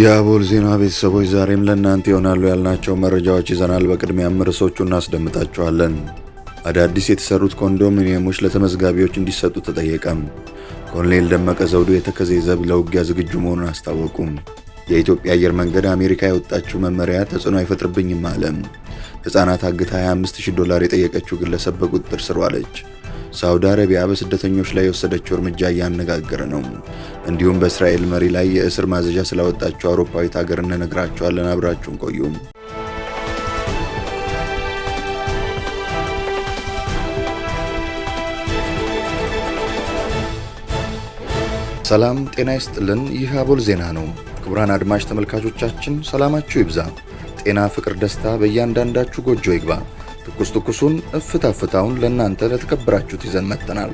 የአቦል ዜና ቤተሰቦች ዛሬም ለእናንተ ይሆናሉ ያልናቸው መረጃዎች ይዘናል። በቅድሚያም ርዕሶቹ እናስደምጣቸዋለን። አዳዲስ የተሰሩት ኮንዶሚኒየሞች ለተመዝጋቢዎች እንዲሰጡ ተጠየቀም። ኮሎኔል ደመቀ ዘውዱ የተከዜ ዘብ ለውጊያ ዝግጁ መሆኑን አስታወቁም። የኢትዮጵያ አየር መንገድ አሜሪካ የወጣችው መመሪያ ተጽዕኖ አይፈጥርብኝም አለም። ሕፃናት አግታ 25000 ዶላር የጠየቀችው ግለሰብ በቁጥጥር ስር ዋለች። ሳውዲ አረቢያ በስደተኞች ላይ የወሰደችው እርምጃ እያነጋገረ ነው። እንዲሁም በእስራኤል መሪ ላይ የእስር ማዘዣ ስላወጣቸው አውሮፓዊት ሀገር እንነግራችኋለን። አብራችሁን ቆዩም። ሰላም ጤና ይስጥልን። ይህ አቦል ዜና ነው። ክቡራን አድማጭ ተመልካቾቻችን ሰላማችሁ ይብዛ፣ ጤና፣ ፍቅር፣ ደስታ በእያንዳንዳችሁ ጎጆ ይግባ። ትኩስ ትኩሱን እፍታ ፍታውን ለእናንተ ለተከበራችሁት ይዘን መጥተናል።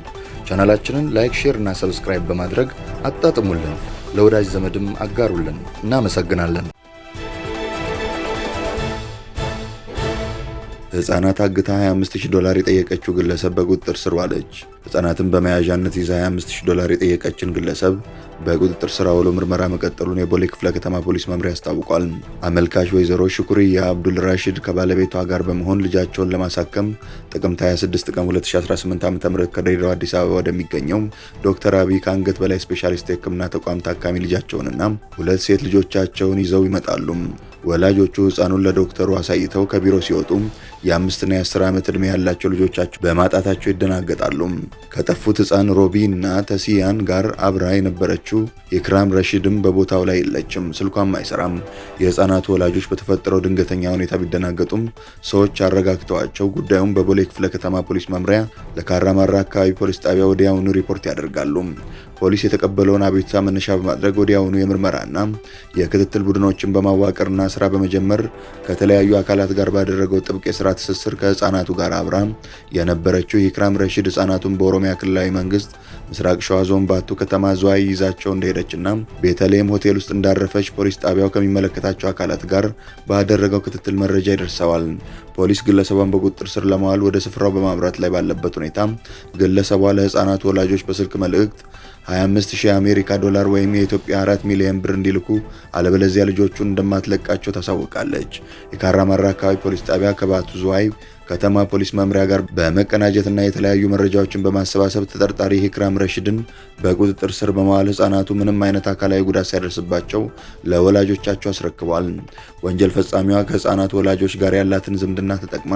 ቻናላችንን ላይክ፣ ሼር እና ሰብስክራይብ በማድረግ አጣጥሙልን፣ ለወዳጅ ዘመድም አጋሩልን። እናመሰግናለን። ህፃናት አግታ 25000 ዶላር የጠየቀችው ግለሰብ በቁጥጥር ስር ዋለች። ህፃናትን በመያዣነት ይዛ 25000 ዶላር የጠየቀችን ግለሰብ በቁጥጥር ስር አውሎ ምርመራ መቀጠሉን የቦሌ ክፍለ ከተማ ፖሊስ መምሪያ አስታውቋል። አመልካች ወይዘሮ ሽኩርያ አብዱል ራሽድ ከባለቤቷ ጋር በመሆን ልጃቸውን ለማሳከም ጥቅምት 26 ቀን 2018 ዓ.ም ከድሬዳዋ አዲስ አበባ ወደሚገኘው ዶክተር አብይ ከአንገት በላይ ስፔሻሊስት የህክምና ተቋም ታካሚ ልጃቸውንና ሁለት ሴት ልጆቻቸውን ይዘው ይመጣሉ። ወላጆቹ ህፃኑን ለዶክተሩ አሳይተው ከቢሮ ሲወጡ የአምስትና የአስር ዓመት ዕድሜ ያላቸው ልጆቻቸው በማጣታቸው ይደናገጣሉ። ከጠፉት ህፃን ሮቢ እና ተሲያን ጋር አብራ የነበረችው የክራም ረሺድም በቦታው ላይ የለችም፣ ስልኳም አይሰራም። የህፃናቱ ወላጆች በተፈጠረው ድንገተኛ ሁኔታ ቢደናገጡም ሰዎች አረጋግተዋቸው ጉዳዩን በቦሌ ክፍለ ከተማ ፖሊስ መምሪያ ለካራማራ አካባቢ ፖሊስ ጣቢያ ወዲያውኑ ሪፖርት ያደርጋሉ። ፖሊስ የተቀበለውን አቤቱታ መነሻ በማድረግ ወዲያውኑ የምርመራና የክትትል ቡድኖችን በማዋቀርና ስራ በመጀመር ከተለያዩ አካላት ጋር ባደረገው ጥብቅ የስራ ትስስር ከህፃናቱ ጋር አብራ የነበረችው ኢክራም ረሽድ ህፃናቱን በኦሮሚያ ክልላዊ መንግስት ምስራቅ ሸዋ ዞን ባቱ ከተማ ዝዋይ ይዛቸው እንደሄደችና ቤተልሔም ሆቴል ውስጥ እንዳረፈች ፖሊስ ጣቢያው ከሚመለከታቸው አካላት ጋር ባደረገው ክትትል መረጃ ይደርሰዋል። ፖሊስ ግለሰቧን በቁጥጥር ስር ለማዋል ወደ ስፍራው በማምራት ላይ ባለበት ሁኔታ ግለሰቧ ለህፃናቱ ወላጆች በስልክ መልእክት 25000 የአሜሪካ ዶላር ወይም የኢትዮጵያ 4 ሚሊዮን ብር እንዲልኩ አለበለዚያ ልጆቹን እንደማትለቃቸው ታሳውቃለች። የካራማራ አካባቢ ፖሊስ ጣቢያ ከባቱ ዙዋይ ከተማ ፖሊስ መምሪያ ጋር በመቀናጀትና የተለያዩ መረጃዎችን በማሰባሰብ ተጠርጣሪ ሂክራም ረሽድን በቁጥጥር ስር በመዋል ህጻናቱ ምንም አይነት አካላዊ ጉዳት ሳይደርስባቸው ለወላጆቻቸው አስረክበዋል። ወንጀል ፈጻሚዋ ከህጻናት ወላጆች ጋር ያላትን ዝምድና ተጠቅማ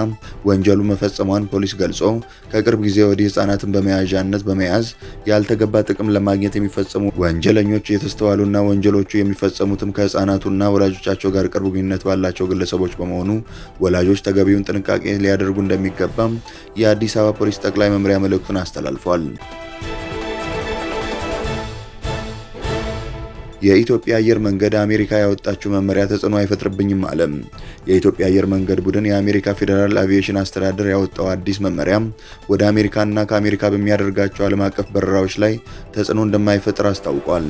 ወንጀሉ መፈጸሟን ፖሊስ ገልጾ ከቅርብ ጊዜ ወዲህ ህጻናትን በመያዣነት በመያዝ ያልተገባ ጥቅም ለማግኘት የሚፈጸሙ ወንጀለኞች የተስተዋሉና ወንጀሎቹ የሚፈጸሙትም ከህጻናቱና ወላጆቻቸው ጋር ቅርብ ግንኙነት ባላቸው ግለሰቦች በመሆኑ ወላጆች ተገቢውን ጥንቃቄ ሊያደ ሊያደርጉ እንደሚገባም የአዲስ አበባ ፖሊስ ጠቅላይ መምሪያ መልእክቱን አስተላልፏል። የኢትዮጵያ አየር መንገድ አሜሪካ ያወጣችው መመሪያ ተጽዕኖ አይፈጥርብኝም አለ። የኢትዮጵያ አየር መንገድ ቡድን የአሜሪካ ፌዴራል አቪዬሽን አስተዳደር ያወጣው አዲስ መመሪያ ወደ አሜሪካና ከአሜሪካ በሚያደርጋቸው ዓለም አቀፍ በረራዎች ላይ ተጽዕኖ እንደማይፈጥር አስታውቋል።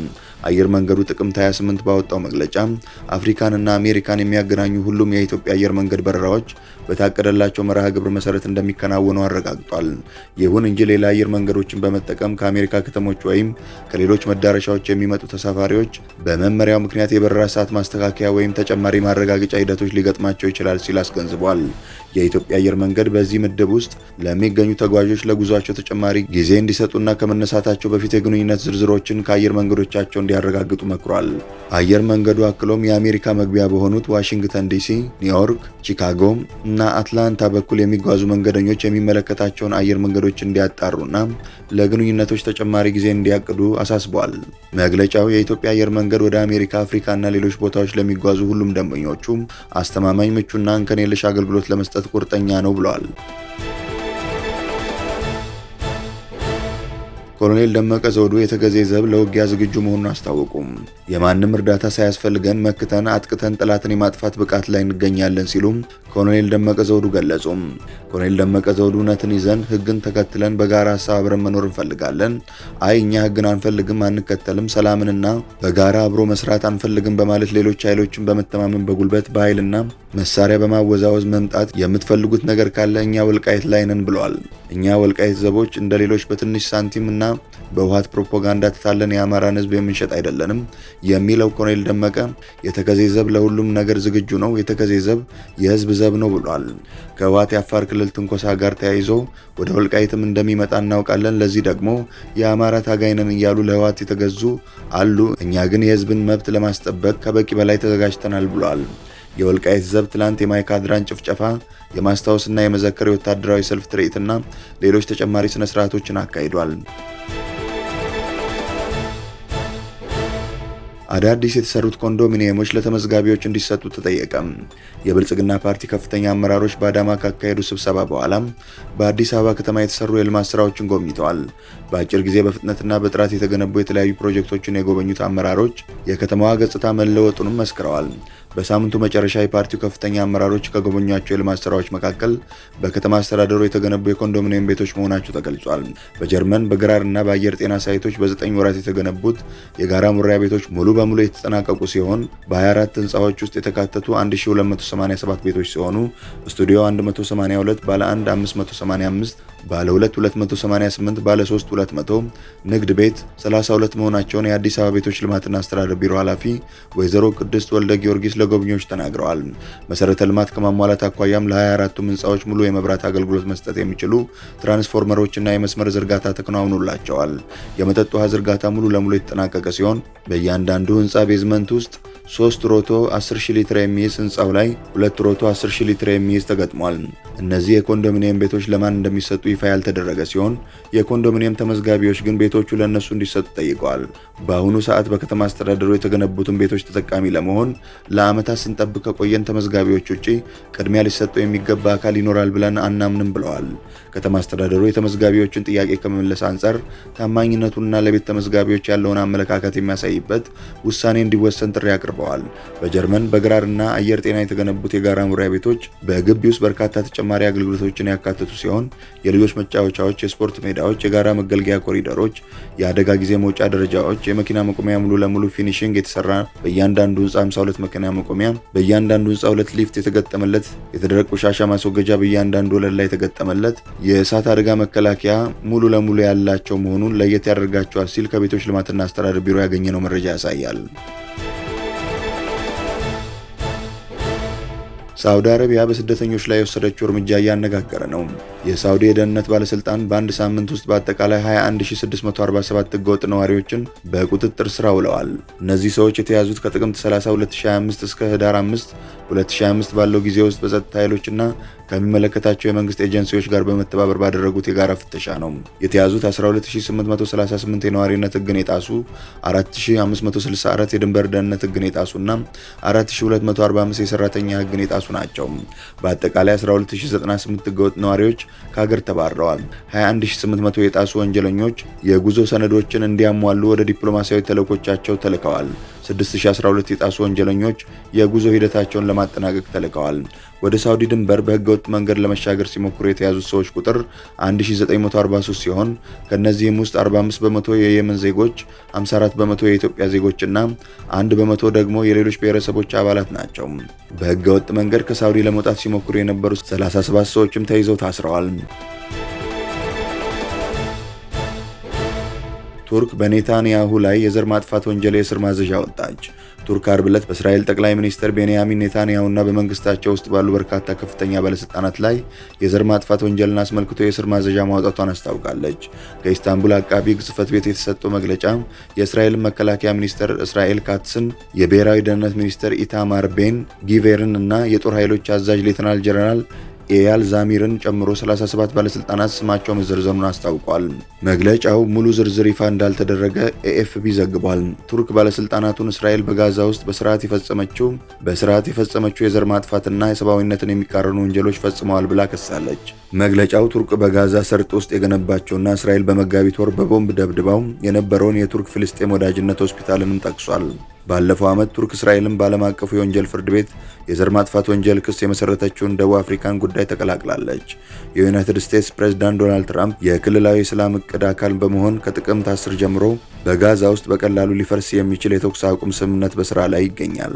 አየር መንገዱ ጥቅምት 28 ባወጣው መግለጫ አፍሪካንና አሜሪካን የሚያገናኙ ሁሉም የኢትዮጵያ አየር መንገድ በረራዎች በታቀደላቸው መርሃ ግብር መሰረት እንደሚከናወኑ አረጋግጧል። ይሁን እንጂ ሌላ አየር መንገዶችን በመጠቀም ከአሜሪካ ከተሞች ወይም ከሌሎች መዳረሻዎች የሚመጡ ተሳፋሪዎች በመመሪያው ምክንያት የበረራ ሰዓት ማስተካከያ ወይም ተጨማሪ ማረጋገጫ ሂደቶች ሊገጥማቸው ይችላል ሲል አስገንዝቧል። የኢትዮጵያ አየር መንገድ በዚህ ምድብ ውስጥ ለሚገኙ ተጓዦች ለጉዟቸው ተጨማሪ ጊዜ እንዲሰጡና ከመነሳታቸው በፊት የግንኙነት ዝርዝሮችን ከአየር መንገዶቻቸው እንዲያረጋግጡ መክሯል። አየር መንገዱ አክሎም የአሜሪካ መግቢያ በሆኑት ዋሽንግተን ዲሲ፣ ኒውዮርክ፣ ቺካጎ እና አትላንታ በኩል የሚጓዙ መንገደኞች የሚመለከታቸውን አየር መንገዶች እንዲያጣሩና ለግንኙነቶች ተጨማሪ ጊዜ እንዲያቅዱ አሳስበዋል። መግለጫው የኢትዮጵያ አየር መንገድ ወደ አሜሪካ፣ እና ሌሎች ቦታዎች ለሚጓዙ ሁሉም ደንበኞቹ አስተማማኝ፣ ምቹና እንከን የለሽ አገልግሎት ለመስጠት ቁርጠኛ ነው ብለዋል። ኮሎኔል ደመቀ ዘውዱ የተገዜ ዘብ ለውጊያ ዝግጁ መሆኑን አስታወቁም። የማንም እርዳታ ሳያስፈልገን መክተን አጥቅተን ጠላትን የማጥፋት ብቃት ላይ እንገኛለን ሲሉም ኮሎኔል ደመቀ ዘውዱ ገለጹም። ኮሎኔል ደመቀ ዘውዱ እውነትን ይዘን ህግን ተከትለን በጋራ ሀሳብ አብረን መኖር እንፈልጋለን። አይ እኛ ህግን አንፈልግም፣ አንከተልም፣ ሰላምንና በጋራ አብሮ መስራት አንፈልግም በማለት ሌሎች ኃይሎችን በመተማመን በጉልበት በኃይልና መሳሪያ በማወዛወዝ መምጣት የምትፈልጉት ነገር ካለ እኛ ወልቃይት ላይ ነን ብለዋል። እኛ ወልቃይት ዘቦች እንደ ሌሎች በትንሽ ሳንቲም እና በውሃት ፕሮፓጋንዳ ተታለን የአማራን ህዝብ የምንሸጥ አይደለንም የሚለው ኮሎኔል ደመቀ የተከዜ ዘብ ለሁሉም ነገር ዝግጁ ነው፣ የተከዜ ዘብ የህዝብ ዘብ ነው ብሏል። ከውሃት የአፋር ክልል ትንኮሳ ጋር ተያይዞ ወደ ወልቃይትም እንደሚመጣ እናውቃለን። ለዚህ ደግሞ የአማራ ታጋይ ነን እያሉ ለህወሓት የተገዙ አሉ። እኛ ግን የህዝብን መብት ለማስጠበቅ ከበቂ በላይ ተዘጋጅተናል ብሏል። የወልቃይት ዘብ ትላንት የማይካድራን ጭፍጨፋ የማስታወስና የመዘከር የወታደራዊ ሰልፍ ትርኢትና ሌሎች ተጨማሪ ስነ ስርዓቶችን አካሂዷል። አዳዲስ የተሰሩት ኮንዶሚኒየሞች ለተመዝጋቢዎች እንዲሰጡ ተጠየቀ። የብልጽግና ፓርቲ ከፍተኛ አመራሮች በአዳማ ካካሄዱ ስብሰባ በኋላ በአዲስ አበባ ከተማ የተሰሩ የልማት ስራዎችን ጎብኝተዋል። በአጭር ጊዜ በፍጥነትና በጥራት የተገነቡ የተለያዩ ፕሮጀክቶችን የጎበኙት አመራሮች የከተማዋ ገጽታ መለወጡንም መስክረዋል። በሳምንቱ መጨረሻ የፓርቲው ከፍተኛ አመራሮች ከጎበኟቸው የልማት ስራዎች መካከል በከተማ አስተዳደሩ የተገነቡ የኮንዶሚኒየም ቤቶች መሆናቸው ተገልጿል። በጀርመን በግራርና በአየር ጤና ሳይቶች በዘጠኝ ወራት የተገነቡት የጋራ ሙሪያ ቤቶች ሙሉ በሙሉ የተጠናቀቁ ሲሆን በ24 ህንፃዎች ውስጥ የተካተቱ 1287 ቤቶች ሲሆኑ ስቱዲዮ 182 ባለ 1 585 ባለ 2 288፣ ባለ 3 200 ንግድ ቤት 32 መሆናቸውን የአዲስ አበባ ቤቶች ልማትና አስተዳደር ቢሮ ኃላፊ ወይዘሮ ቅድስት ወልደ ጊዮርጊስ ለጎብኚዎች ተናግረዋል። መሰረተ ልማት ከማሟላት አኳያም ለ24ቱም ህንፃዎች ሙሉ የመብራት አገልግሎት መስጠት የሚችሉ ትራንስፎርመሮችና የመስመር ዝርጋታ ተከናውኑላቸዋል። የመጠጥ ውሃ ዝርጋታ ሙሉ ለሙሉ የተጠናቀቀ ሲሆን በእያንዳንዱ ህንፃ ቤዝመንት ውስጥ ሶስት ሮቶ 10000 ሊትር የሚይዝ ህንፃው ላይ ሁለት ሮቶ 10000 ሊትር የሚይዝ ተገጥሟል። እነዚህ የኮንዶሚኒየም ቤቶች ለማን እንደሚሰጡ ይፋ ያልተደረገ ሲሆን የኮንዶሚኒየም ተመዝጋቢዎች ግን ቤቶቹ ለእነሱ እንዲሰጡ ጠይቀዋል። በአሁኑ ሰዓት በከተማ አስተዳደሩ የተገነቡትን ቤቶች ተጠቃሚ ለመሆን ለዓመታት ስንጠብቅ ከቆየን ተመዝጋቢዎች ውጭ ቅድሚያ ሊሰጠው የሚገባ አካል ይኖራል ብለን አናምንም ብለዋል። ከተማ አስተዳደሩ የተመዝጋቢዎችን ጥያቄ ከመመለስ አንጻር ታማኝነቱንና ለቤት ተመዝጋቢዎች ያለውን አመለካከት የሚያሳይበት ውሳኔ እንዲወሰን ጥሪ አቅርበዋል። አስታውቀዋል። በጀርመን በግራርና አየር ጤና የተገነቡት የጋራ መኖሪያ ቤቶች በግቢ ውስጥ በርካታ ተጨማሪ አገልግሎቶችን ያካተቱ ሲሆን የልጆች መጫወቻዎች፣ የስፖርት ሜዳዎች፣ የጋራ መገልገያ ኮሪደሮች፣ የአደጋ ጊዜ መውጫ ደረጃዎች፣ የመኪና መቆሚያ ሙሉ ለሙሉ ፊኒሽንግ የተሰራ በእያንዳንዱ ህንፃ 52 መኪና መቆሚያ፣ በእያንዳንዱ ህንፃ ሁለት ሊፍት የተገጠመለት፣ የደረቅ ቆሻሻ ማስወገጃ በእያንዳንዱ ወለል ላይ የተገጠመለት፣ የእሳት አደጋ መከላከያ ሙሉ ለሙሉ ያላቸው መሆኑን ለየት ያደርጋቸዋል ሲል ከቤቶች ልማትና አስተዳደር ቢሮ ያገኘነው መረጃ ያሳያል። ሳውዲ አረቢያ በስደተኞች ላይ የወሰደችው እርምጃ እያነጋገረ ነው። የሳውዲ የደህንነት ባለሥልጣን በአንድ ሳምንት ውስጥ በአጠቃላይ 21647 ህገወጥ ነዋሪዎችን በቁጥጥር ስር ውለዋል። እነዚህ ሰዎች የተያዙት ከጥቅምት 30 2025 እስከ ህዳር 5 2025 ባለው ጊዜ ውስጥ በጸጥታ ኃይሎችና ከሚመለከታቸው የመንግስት ኤጀንሲዎች ጋር በመተባበር ባደረጉት የጋራ ፍተሻ ነው። የተያዙት 12838 የነዋሪነት ህግን የጣሱ 4564 የድንበር ደህንነት ህግን የጣሱና 4245 የሰራተኛ ህግን የጣሱ ራሱ ናቸው። በአጠቃላይ 12098 ህገወጥ ነዋሪዎች ከሀገር ተባረዋል። 21800 የጣሱ ወንጀለኞች የጉዞ ሰነዶችን እንዲያሟሉ ወደ ዲፕሎማሲያዊ ተልእኮቻቸው ተልከዋል። 6012 የጣሱ ወንጀለኞች የጉዞ ሂደታቸውን ለማጠናቀቅ ተልከዋል። ወደ ሳውዲ ድንበር በህገወጥ መንገድ ለመሻገር ሲሞክሩ የተያዙት ሰዎች ቁጥር 1943 ሲሆን ከእነዚህም ውስጥ 45 በመቶ የየመን ዜጎች፣ 54 በመቶ የኢትዮጵያ ዜጎች እና አንድ በመቶ ደግሞ የሌሎች ብሔረሰቦች አባላት ናቸው። በህገወጥ መንገድ ከሳውዲ ለመውጣት ሲሞክሩ የነበሩ 37 ሰዎችም ተይዘው ታስረዋል። ቱርክ በኔታንያሁ ላይ የዘር ማጥፋት ወንጀል የእስር ማዘዣ ወጣች። ቱርክ አርብ ዕለት በእስራኤል ጠቅላይ ሚኒስትር ቤንያሚን ኔታንያሁና በመንግስታቸው ውስጥ ባሉ በርካታ ከፍተኛ ባለስልጣናት ላይ የዘር ማጥፋት ወንጀልን አስመልክቶ የእስር ማዘዣ ማውጣቷን አስታውቃለች። ከኢስታንቡል አቃቢ ሕግ ቤት የተሰጠው መግለጫ የእስራኤልን መከላከያ ሚኒስትር እስራኤል ካትስን፣ የብሔራዊ ደህንነት ሚኒስትር ኢታማር ቤን ጊቬርን እና የጦር ኃይሎች አዛዥ ሌተናል ጀነራል ኤያል ዛሚርን ጨምሮ 37 ባለስልጣናት ስማቸው መዘርዘሩን አስታውቋል። መግለጫው ሙሉ ዝርዝር ይፋ እንዳልተደረገ ኤኤፍፒ ዘግቧል። ቱርክ ባለስልጣናቱን እስራኤል በጋዛ ውስጥ በስርዓት የፈጸመችው በስርዓት የፈጸመችው የዘር ማጥፋትና የሰብአዊነትን የሚቃረኑ ወንጀሎች ፈጽመዋል ብላ ከሳለች። መግለጫው ቱርክ በጋዛ ሰርጥ ውስጥ የገነባቸውና እስራኤል በመጋቢት ወር በቦምብ ደብድባው የነበረውን የቱርክ ፍልስጤም ወዳጅነት ሆስፒታልንም ጠቅሷል። ባለፈው ዓመት ቱርክ እስራኤልን በዓለም አቀፉ የወንጀል ፍርድ ቤት የዘር ማጥፋት ወንጀል ክስ የመሰረተችውን ደቡብ አፍሪካን ጉዳይ ተቀላቅላለች። የዩናይትድ ስቴትስ ፕሬዝዳንት ዶናልድ ትራምፕ የክልላዊ የሰላም እቅድ አካል በመሆን ከጥቅምት 10 ጀምሮ በጋዛ ውስጥ በቀላሉ ሊፈርስ የሚችል የተኩስ አቁም ስምምነት በስራ ላይ ይገኛል።